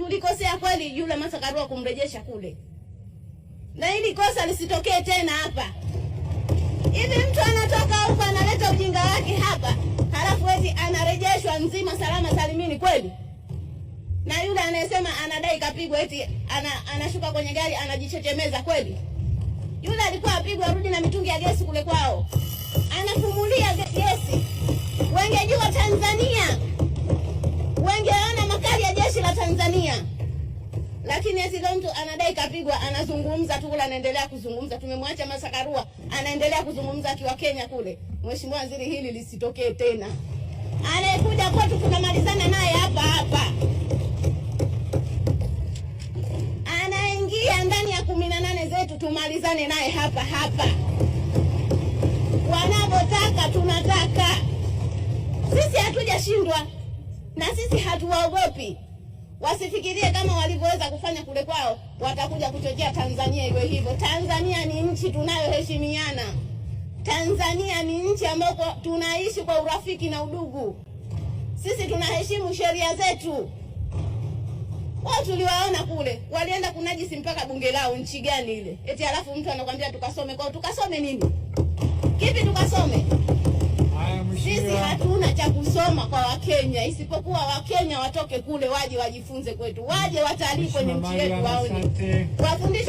tulikosea kweli yule Karua kumrejesha kule, na ili kosa lisitokee tena hapa. Hivi mtu anatoka huko analeta ujinga wake hapa, halafu eti anarejeshwa mzima salama salimini kweli? Na yule anayesema anadai kapigwa eti ana, anashuka kwenye gari anajichechemeza kweli? Yule alikuwa apigwa, arudi na mitungi ya gesi kule kwao, anafumu lakini asile mtu anadai kapigwa, anazungumza tu kule, anaendelea kuzungumza. Tumemwacha Masakarua anaendelea kuzungumza akiwa Kenya kule. Mheshimiwa Waziri, hili lisitokee tena. Anayekuja kwetu tunamalizana naye hapa hapa, anaingia ndani ya kumi na nane zetu tumalizane naye hapa hapa. Wanavyotaka tunataka sisi, hatujashindwa na sisi hatuwaogopi. Wasifikirie kama walivyoweza kufanya kule kwao, watakuja kuchochea Tanzania iwe hivyo. Tanzania ni nchi tunayoheshimiana. Tanzania ni nchi ambayo tunaishi kwa urafiki na udugu. Sisi tunaheshimu sheria zetu. Wao tuliwaona kule walienda kunajisi mpaka bunge lao, nchi gani ile? Eti halafu mtu anakuambia tukasome kwao, tukasome nini? Kipi? cha kusoma kwa Wakenya, isipokuwa Wakenya watoke kule waje wajifunze kwetu, waje watalii kwenye nchi yetu, waone wafundishe